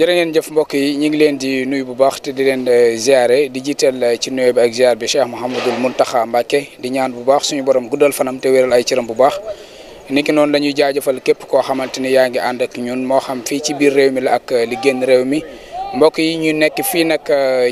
jërë jëf mbokk yi ñu ngi leen di nuyu bu baax te di leen eh, ziare di jiital eh, ci nuye bi ak ziar bi Cheikh mun Mountakha Mbacké di ñaan bu baax suñu borom guddal fanam te wéral ay cëram bu baax niki noonu la ñuy jaajëfal képp koo xamante ni yaa ngi ànd ak ñun moo xam fii ci biir réew mi la ak eh, li génn réew mi mbokk yi ñu nekk fii nag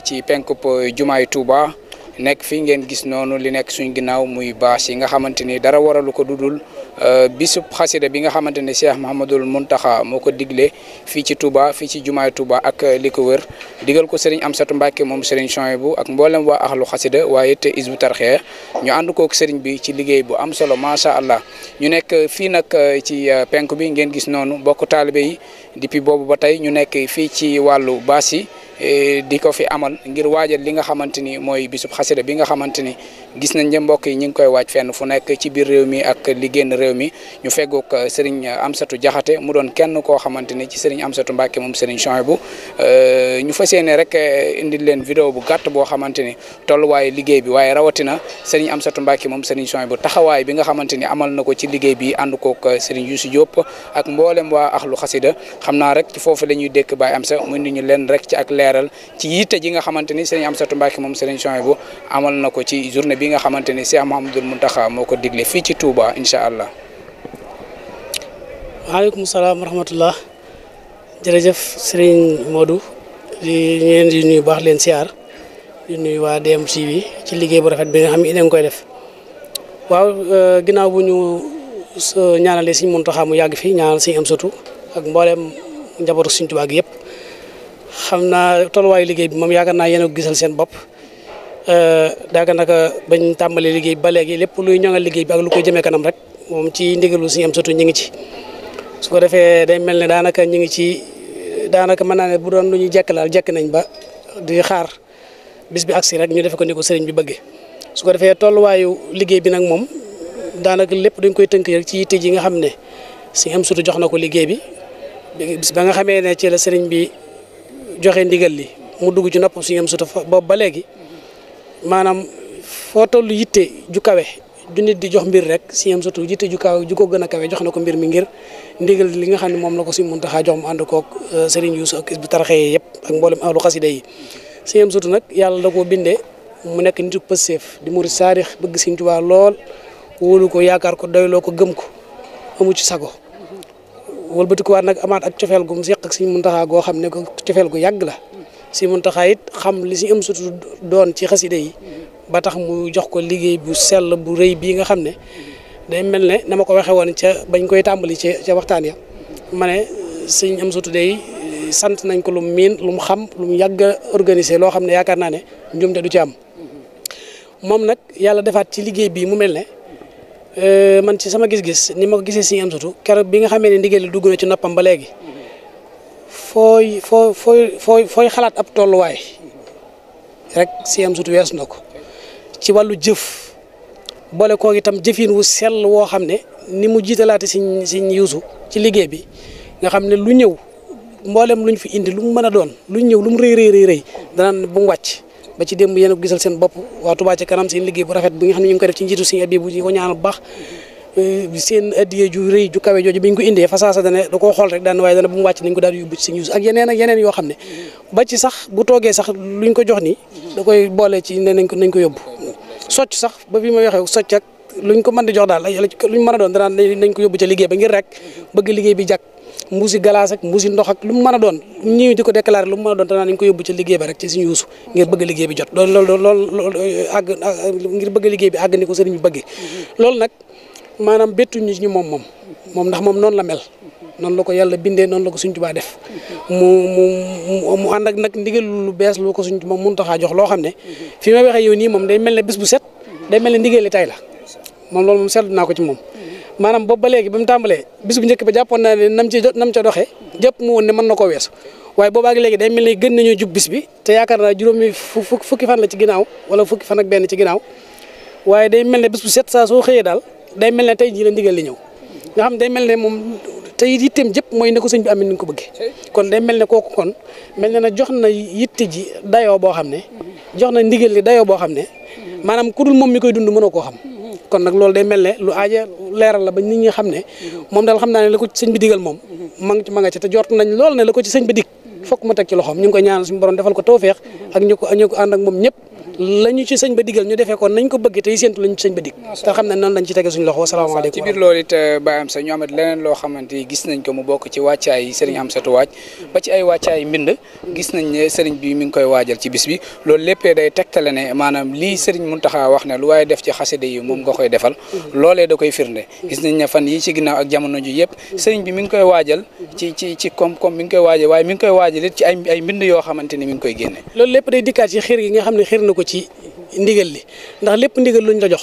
ci penkub jumaay Touba. nekk fii ngeen gis noonu li nekk suñ ginnaaw muy bâche yi nga xamante ni dara waralu ko dudul euh, bisub xasida bi nga xamante ne Cheikh Mouhamadul taxa moo ko digle fii ci Touba fii ci jumaay Touba ak euh, li ko wër digal ko am satu Mbacke moom Serigne Chouaïbou ak mboolem waa axlu xasida waaye te Hizbut Tarqiyyah ñu ànd kook sëriñ bi ci liggéey bu am solo macha allah ñu nekk euh, fii nag ci penk bi ngeen gis noonu bokk taalibe yi depuis boobu ba tey ñu nekk fii ci wàllu bâche yi Eh, di ko fi amal ngir waajal li nga xamante ni mooy bisub xasida bi nga xamante ni gis nañ ne mbokk yi ñu ngi koy waaj fenn fu nekk ci biir réew mi ak li génn réew mi ñu feggoog eh, sëriñ Amsatu Jaxate mu doon kenn koo xamante ni ci sëriñ Amsatu Mbàkke moom sëriñ Chouaïbou eh, ñu fas yéene rek indil leen vidéo bu gàtt boo xamante ni tolluwaayu liggéey bi waaye rawatina sëriñ Amsatu Mbàkke moom sëriñ Chouaïbou taxawaay bi nga xamante ni amal na ko ci liggéey bi ànd koog sëriñ Youssou Diop ak mboolem waa axlu xasida xam naa rek foofu la ñuy dékk Amsa mu indi ñu leen rek ci ak leer leeral ci yitte ji nga xamante ni sëriñ Amsatu Mbàkke moom sëriñ Souhaïbou amal na ko ci journée bi nga xamante ni Cheikh Mouhamadoul Mountakha moo ko digle fii ci Touba incha allah. waaleykum salaam wa rahmatullah jërëjëf sëriñ Modou leen di nuyu baax leen siyaar di nuyu waa DMC bi ci liggéey bu rafet bi xam ne dañ koy def waaw euh, ginnaaw bu ñu euh, ñaanalee sëriñ Mountakha mu yàgg fi ñaanal sëriñ Amsatu ak mboolem njabootu sëriñ Tuubaa gi yëpp. xam naa tolluwaayu liggéey bi moom yaakaar naa yéen a gisal seen bopp euh, ka naka bañ tàmbalee liggéey bi ba léegi lépp luy ñoŋal liggéey bi ak lu koy jëmee kanam rek moom ci ndigalu suñu am surtout ñu ngi ci su ko defee day mel ne daanaka ñu ngi ci daanaka mën naa ne bu doon lu ñuy jekk laal nañ ba di xaar bis bi agsi rek ñu def ko ni ko sëriñ bëggee su ko defee tolluwaayu liggéey bi nag moom daanaka lépp dañ koy tënk rek ci yitte ji nga xam ne si am surtout jox na ko liggéey bi bis ba nga xamee ne ci la sëriñ bi joxe ndigal li mu dugg ci noppam suñu am suta boobu ba léegi maanaam foo toll yitte ju kawe ju nit di jox mbir rek suñu am suta yitte ju kawe ju ko gën a kawe jox na ko mbir mi ngir ndigal li nga xam ne moom na ko si mun Muntaxa jox mu ànd koog euh, Sëriñ Yuusu ak is bu taraxee yëpp ak mboolem ahlu xasida yi suñu am suta nag yàlla da koo bindee mu nekk nitu pëseef di murit saarix bëgg Sëriñ Tuubaa lool wóolu ko yaakaar ko doyloo ko gëm ko amu ci sago wëlbatikuwaat nag amaat ak cofeel gu mu seq ak Sëriñ Muntaxaa goo xam ne ko cofeel gu yàgg la Sëriñ Muntaxaa it xam li si am sutu doon ci xasida yi ba tax mu jox ko liggéey bu sell bu rëy bii nga xam ne day mel ne na ko waxee woon ca bañ koy tàmbali ca ca waxtaan ya ma ne Sëriñ am sutu day sant nañ ko lu miin lu mu xam lu mu yàgg a loo xam ne yaakaar naa ne njuumte du ci am moom nag yàlla defaat ci liggéey bii mu mel ne Euh, man ci sama gis-gis ni ma gisee si am sutu keroog bi nga xamee ni ndigal li dugg na ci noppam ba léegi fooy foo fooy fooy xalaat ab tolluwaay rek si am sutu weesu na ko ci wàllu jëf boole koo itam jëfin wu sell woo xam ne ni mu jiitalaate si si yuusu ci liggéey bi nga xam ne lu ñëw mboolem luñ fi indi lu mu mën a doon lu ñëw lu mu rëy rëy rëy rëy bu mu wàcc ba ci démb yéen a ko bopp waa Touba ca kanam seen liggéey bu rafet bi nga xam ne ñu ko eh, xool rek daan waaye dana bu mu wàcc nañ ko daal sax bu toogee sax luñ ko jox ni da koy boole ci ne ko yóbbu socc sax ba fi ma waxee socc ak luñ ko mën di jox daal luñ mën a doon danaan nañ ko yóbbu ca liggéey ba ngir rek bëgg liggéey bi jàkk mbuusi galaas ak mbuusi ndox ak lu mu mën a doon ñëw di ko déclaré lu mu mën a doon te naan ñu ko yóbbu ci liggéey ba rek ci suñu yuusu ngir bëgg liggéey bi jot loolu loolu loolu àgg ngir bëgg liggéey bi àgg ni ko sëriñ bi bëggee mm-hmm. loolu nag maanaam bettu ñu ñu moom moom moom ndax moom noonu la mel noonu la ko yàlla bindee noonu la ko suñ tubaa def mm-hmm. mu mu mu ànd ak nag ndigal lu bees lu ko suñ moom mun taxaa jox loo xam ne mm-hmm. fi may waxee yow nii moom day mel ne bis bu set day mel ne ndigal li tay la moom loolu moom naa ko ci moom maanaam boobu ba léegi bi mu tàmbalee bis bu njëkk ba jàppoon naa ne nam ci nam ca doxee jëpp mu woon ne mën na koo weesu waaye boobaag léegi day mel ni gën nañoo jub bis bi te yaakaar naa juróomi fukki fan la ci ginnaaw wala fukki fan ak benn ci ginnaaw waaye day mel ne bis bu set saa soo xëyee daal day mel ne tey jii la ndigal li ñëw nga xam day mel ne moom te yitteem jëpp mooy ne ko sëñ bi amee ni ko bëggee kon day mel ne kooku kon mel na ne jox na yitte ji dayoo boo xam ne jox na ndigal li dayoo boo xam ne maanaam ku moom mi koy dund mënoo koo xam kon nag loolu day mel ne lu aaja leeral la ba nit ñi xam ne moom daal xam naa ne la ko ci sëñ bi digal moom ma nga ci ma nga ci te jort nañ lool ne la ci sëñ bi dig mm-hmm. fokk mu teg ci loxoom ñu ngi koy ñaan suñu borom defal ko tawfeex ak ñu ko ñu ko ak moom ñëpp lañu ci sëñ ba digal ñu defee ko nañ ko bëgg tey séentu lañu ci sëñ ba dig te xam ne noonu lañ ci tege loxo wasalaamaaleykum ci biir loolu euh, loo xamante nañ ko mu bi mi ngi koy waajal ci bis bi loolu léppee day tegtale ne maanaam lii sëriñ Muntaxa wax ne lu waaye def ci xaside yi moom nga koy defal mm-hmm. loolee da koy firnde gis nañ ne fan yi ci ginnaaw ak jamono ji yëpp mm-hmm. sëriñ bi mi ngi koy waajal ci ci ci koom-koom mi nga koy waajal waaye mi ngi koy waajal it ci ay ay mbind yoo xamante ni mi ngi koy génne ci ndigal li ndax lépp ndigal luñ la jox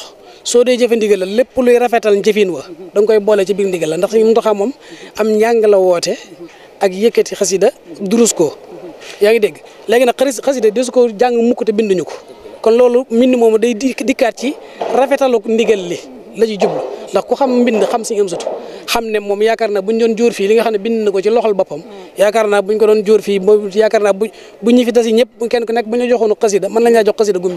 soo dee jëfe ndigal la lépp luy rafetal njëfin wa da nga koy boole ci biir ndigal la ndax suñu ndoxaa moom am njàng la woote ak yëkkati xasida durus ko yaa ngi dégg léegi nag xasida desu ko jàng mukk te binduñu ko kon loolu mbind moomu day dikkaat ci rafetalu ndigal li la ci jublu ndax ku xam mbind xam suñu am sutu xam ne moom yaakaar naa buñ doon jóor fii li nga xam ne bind na ko ci loxol boppam yaakaar naa buñ ko doon jóor fii yaakaar naa bu bu ñu fi tasi ñëpp kenn ku nekk bu ñu joxoonu xasida mën lañ laa jox xasida gum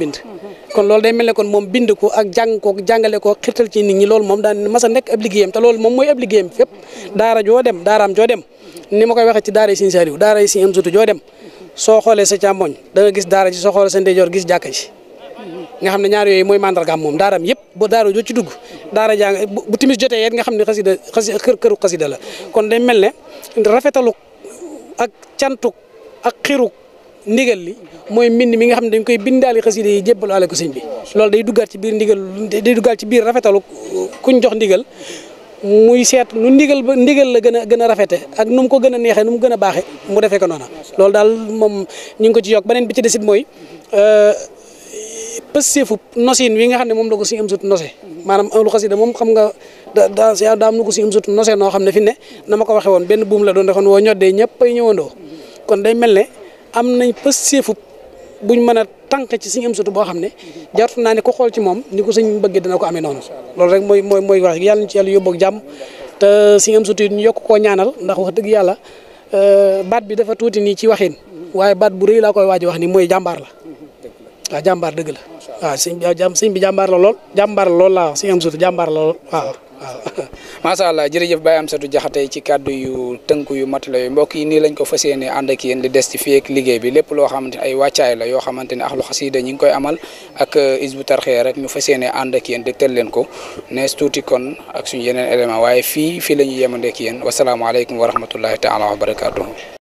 kon loolu day mel ne kon moom bind ko ak jàng ko jàngale ko xirtal ci nit ñi loolu moom daan mas a nekk ab liggéeyam te loolu moom mooy ab liggéeyam fépp daara joo dem daaraam joo dem ni ma koy waxee ci daara yi Sëñ Saliou daara yi Sëñ Amsatu joo dem soo xoolee sa càmmoñ da gis daara ji nga xam ne ñaar yooyu mooy mandargaam moom daaram yëpp ba daara joo ci dugg daara jàng bu timis jotee yet nga xam ne xasida xasi kër këru xasida la kon day mel ne rafetalu ak cantuk ak xiruk ndigal li mooy mbind mi nga xam ne dañ koy bindaali xasida yi jébbalu ale ko sëñ bi loolu day duggaat ci biir ndigal day duggaat ci biir rafetalu kuñ jox ndigal muy seet nu ndigal ba ndigal la gën a gën a rafete ak nu mu ko gën a neexee nu mu gën a baaxe mu defee ko noona loolu daal moom ñu ngi ko ci yokk beneen bi ci desit mooy euh, pësseefu nosin wi nga xam ne moom la ko suñu am sut nose maanaam lu xasida moom xam nga da da am lu noo xam ne fi ne na ko waxee woon benn buum la doon defoon woo kon day mel ne am nañ pësseefu buñ mën a tànk ci suñu am sut boo xam ne jartu naa ne ko xool ci moom ni ko suñ bëggee dina ko amee noonu loolu rek mooy mooy mooy wax yàlla ñu ci yàlla yóbboog jàmm te suñu am sut ñu yokk koo ñaanal ndax wax dëgg yàlla euh, baat bi dafa tuuti nii ci waxin waaye baat bu rëy laa koy waaj wax nii mooy jàmbaar la waa jàmbaar dëgg la waaw sëñ bi jàmm sëñ bi jàmbaar la lool jàmbaar la lool laa wax sëñ Amsatu jàmbaar la lool waaw waaw macha allah ci kàddu yu tënk yu mat la yooyu mbokk yi nii lañ ko fas yéene ànd ak yéen di des ti fii liggéey bi lépp loo xamante ne ay wàccaay la yoo xamante ne loxo xasida ñi ngi koy amal ak euh, isbu tarxee rek ñu fas yéene ànd ak de di tel leen ko nees tuuti kon ak suñ yeneen élément waaye fii fii la ñu yemandeek yéen wasalaamaaleykum wa rahmatullahi taala wa barakaatuhu